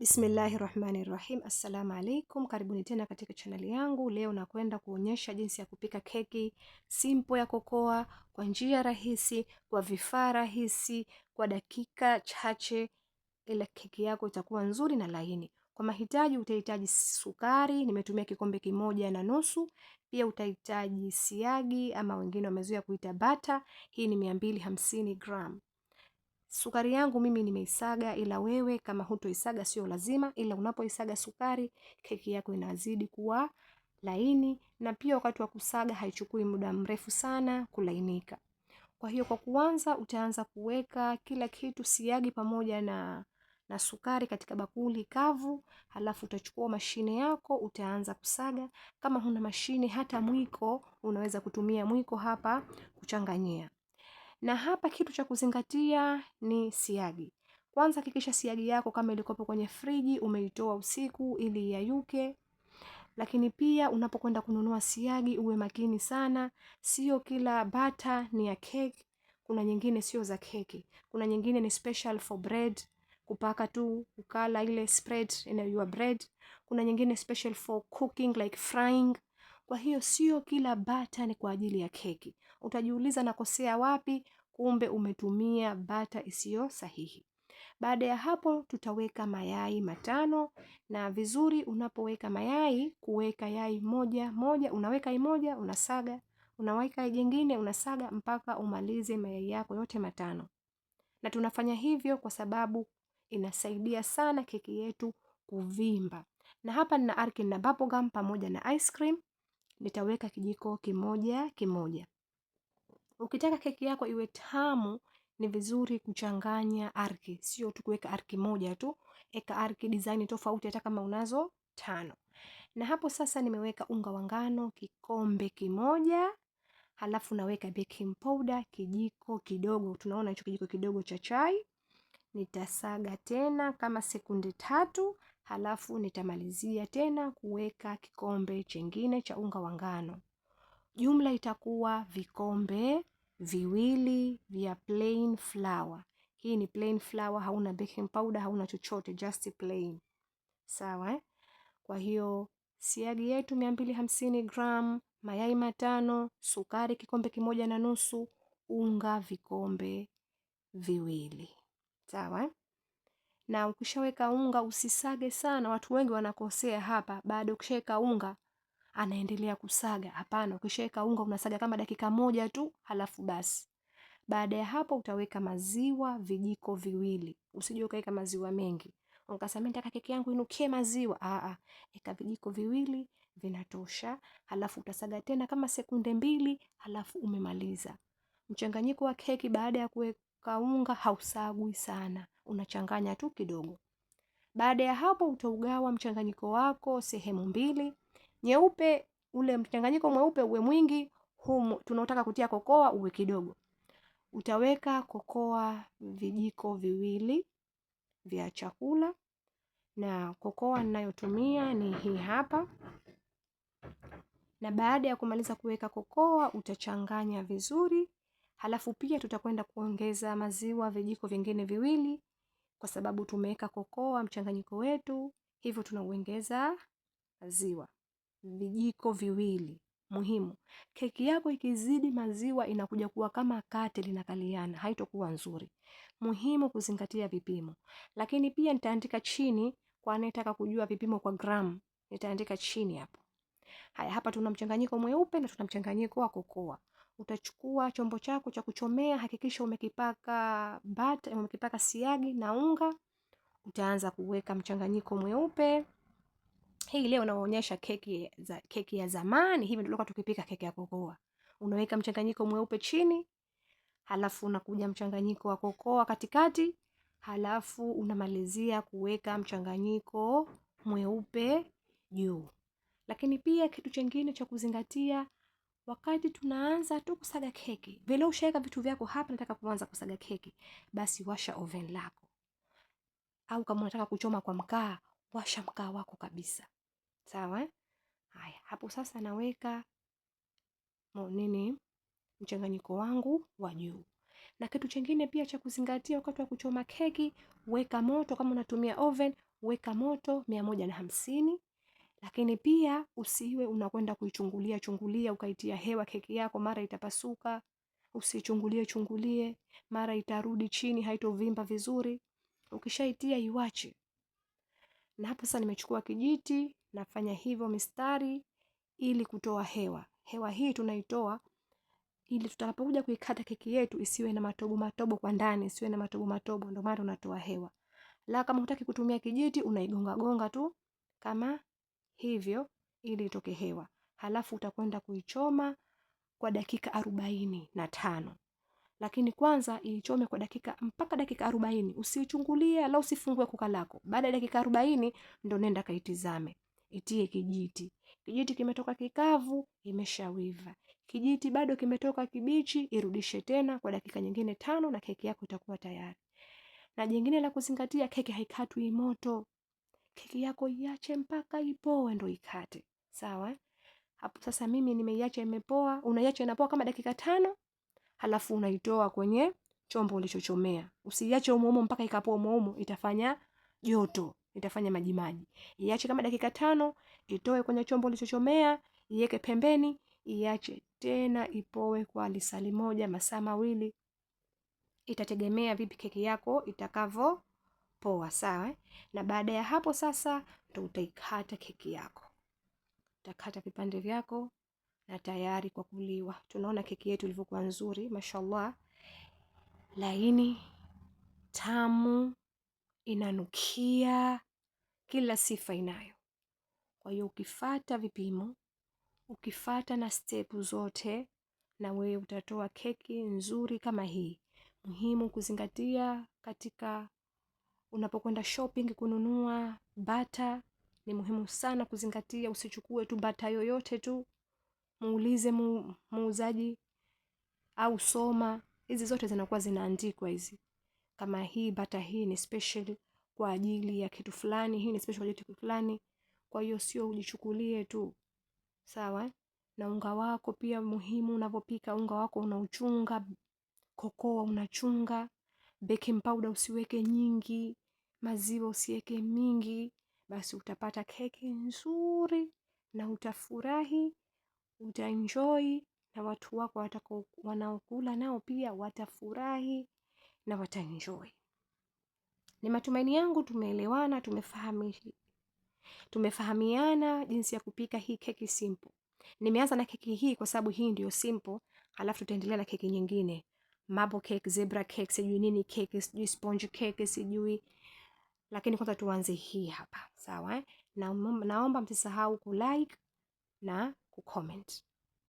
Bismillahi rahmani rahim. Assalamu alaikum, karibuni tena katika chaneli yangu. Leo nakwenda kuonyesha jinsi ya kupika keki simple ya kokoa kwa njia rahisi, kwa vifaa rahisi, kwa dakika chache, ila keki yako itakuwa nzuri na laini. Kwa mahitaji, utahitaji sukari, nimetumia kikombe kimoja na nusu. Pia utahitaji siagi ama wengine wamezoea kuita bata, hii ni mia mbili hamsini gram. Sukari yangu mimi nimeisaga, ila wewe kama hutoisaga sio lazima, ila unapoisaga sukari keki yako inazidi kuwa laini, na pia wakati wa kusaga haichukui muda mrefu sana kulainika. Kwa hiyo kwa kuanza, utaanza kuweka kila kitu siagi pamoja na, na sukari katika bakuli kavu, halafu utachukua mashine yako, utaanza kusaga. Kama huna mashine hata mwiko, unaweza kutumia mwiko hapa kuchanganyia. Na hapa kitu cha kuzingatia ni siagi. Kwanza hakikisha siagi yako kama ilikopo kwenye friji umeitoa usiku ili iyayuke. Lakini pia unapokwenda kununua siagi uwe makini sana. Sio kila bata ni ya keki, kuna nyingine sio za keki. Kuna nyingine ni special for bread, kupaka tu ukala ile spread inayoiwa bread. Kuna nyingine special for cooking like frying. Kwa hiyo sio kila bata ni kwa ajili ya keki. Utajiuliza nakosea wapi? kumbe umetumia bata isiyo sahihi. Baada ya hapo tutaweka mayai matano, na vizuri unapoweka mayai, kuweka yai moja moja, unaweka yai moja unasaga, unaweka jingine unasaga mpaka umalize mayai yako yote matano. Na tunafanya hivyo kwa sababu inasaidia sana keki yetu kuvimba. Na hapa nina arki na bubblegum pamoja na ice cream, nitaweka kijiko kimoja kimoja. Ukitaka keki yako iwe tamu ni vizuri kuchanganya arki, sio tu kuweka arki moja tu. Eka arki design tofauti, hata kama unazo tano. Na hapo sasa nimeweka unga wa ngano kikombe kimoja, halafu naweka baking powder kijiko kidogo, tunaona hicho kijiko kidogo cha chai. Nitasaga tena kama sekunde tatu, halafu nitamalizia tena kuweka kikombe chengine cha unga wa ngano jumla itakuwa vikombe viwili vya plain flour. Hii ni plain flour, hauna baking powder, hauna chochote, just plain. Sawa eh? Kwa hiyo siagi yetu mia mbili hamsini gram, mayai matano, sukari kikombe kimoja na nusu, unga vikombe viwili. Sawa eh? Na ukishaweka unga usisage sana, watu wengi wanakosea hapa. Baada ukishaweka unga anaendelea kusaga. Hapana, ukishaweka unga unasaga kama dakika moja tu, halafu basi. Baada ya hapo utaweka maziwa vijiko viwili, usije ukaweka maziwa mengi ukasema nataka keki yangu inukie maziwa. Aa, eka vijiko viwili vinatosha, halafu utasaga tena kama sekunde mbili, halafu umemaliza mchanganyiko wa keki. Baada ya kuweka unga hausagwi sana, unachanganya tu kidogo. Baada ya hapo utaugawa mchanganyiko wako sehemu mbili, nyeupe, ule mchanganyiko mweupe uwe mwingi, humu tunaotaka kutia kokoa uwe kidogo. Utaweka kokoa vijiko viwili vya chakula, na kokoa ninayotumia ni hii hapa. Na baada ya kumaliza kuweka kokoa, utachanganya vizuri. Halafu pia tutakwenda kuongeza maziwa vijiko vingine viwili, kwa sababu tumeweka kokoa mchanganyiko wetu, hivyo tunauongeza maziwa vijiko viwili muhimu. Keki yako ikizidi maziwa inakuja kuwa kama kate linakaliana, haitokuwa nzuri. Muhimu kuzingatia vipimo, lakini pia nitaandika chini kwa anayetaka kujua vipimo kwa gramu, nitaandika chini hapo. Haya, hapa tuna mchanganyiko mweupe na tuna mchanganyiko wa kokoa. Utachukua chombo chako cha kuchomea, hakikisha umekipaka bata, umekipaka siagi na unga. Utaanza kuweka mchanganyiko mweupe hii leo naonyesha keki za keki ya zamani, hivi ndio tukipika keki ya kokoa. Unaweka mchanganyiko mweupe chini, halafu unakuja mchanganyiko wa kokoa katikati, halafu unamalizia kuweka mchanganyiko mweupe juu. Lakini pia kitu chengine cha kuzingatia wakati tunaanza tu kusaga keki, vile ushaweka vitu vyako hapa, nataka kuanza kusaga keki, basi washa oven lako, au kama unataka kuchoma kwa mkaa, washa mkaa wako kabisa. Sawa? Haya, hapo sasa naweka nini mchanganyiko wangu wa juu. Na kitu chingine pia cha kuzingatia wakati wa kuchoma keki, weka moto kama unatumia oven, weka moto mia moja na hamsini. Lakini pia usiwe unakwenda kuichungulia chungulia ukaitia hewa keki yako, mara itapasuka. Usichungulie chungulie, mara itarudi chini, haitovimba vizuri. Ukishaitia iwache na hapa sasa nimechukua kijiti nafanya hivyo mistari ili kutoa hewa. Hewa hii tunaitoa ili tutakapokuja kuikata keki yetu isiwe na matobo matobo kwa ndani, isiwe na matobo matobo, ndio maana tunatoa hewa. La kama hutaki kutumia kijiti, unaigonga gonga tu kama hivyo ili itoke hewa. Halafu utakwenda kuichoma kwa dakika arobaini na tano lakini kwanza iichome kwa dakika mpaka dakika arobaini. Usichungulie wala usifungue kuka lako. Baada ya dakika arobaini ndo nenda kaitizame, itie kijiti. Kijiti kimetoka kikavu, imeshawiva. Kijiti bado kimetoka kibichi, irudishe tena kwa dakika nyingine tano na keki yako itakuwa tayari. Na jingine la kuzingatia, keki haikatwi moto. Keki yako iache mpaka ipoe ndo ikate, sawa? Eh? Hapo sasa mimi nimeiacha imepoa, unaiacha inapoa kama dakika tano halafu unaitoa kwenye chombo ulichochomea. Usiiache umo umo mpaka ikapoa umo umo, itafanya joto, itafanya majimaji. Iache kama dakika tano, itoe kwenye chombo ulichochomea, iweke pembeni, iache tena ipoe kwa lisali moja masaa mawili. Itategemea vipi keki yako itakavo poa, sawa. Eh? Na baada ya hapo sasa, ndo utaikata keki yako, utakata vipande vyako na tayari kwa kuliwa. Tunaona keki yetu ilivyokuwa nzuri, mashallah, laini, tamu, inanukia, kila sifa inayo. Kwa hiyo ukifata vipimo, ukifata na stepu zote, na wewe utatoa keki nzuri kama hii. Muhimu kuzingatia katika unapokwenda shopping kununua bata, ni muhimu sana kuzingatia, usichukue tu bata yoyote tu muulize mu, muuzaji au soma. Hizi zote zinakuwa zinaandikwa hizi, kama hii bata hii ni special kwa ajili ya kitu fulani, hii ni special kwa ajili ya kitu fulani. Kwa hiyo sio ujichukulie tu, sawa. Na unga wako pia muhimu, unavyopika unga wako unauchunga, kokoa unachunga, baking powder usiweke nyingi, maziwa usiweke mingi, basi utapata keki nzuri na utafurahi utaenjoy na watu wako watako, wanaokula nao pia watafurahi na wataenjoy. Ni matumaini yangu tumeelewana, tumefahami tumefahamiana jinsi ya kupika hii keki simple. Nimeanza na keki hii kwa sababu hii ndio simple, alafu tutaendelea na keki nyingine, marble cake, zebra cake, sijui nini cake, sijui sponge cake, sijui lakini kwanza tuanze hii hapa, sawa eh? Na, naomba msisahau like na kucomment.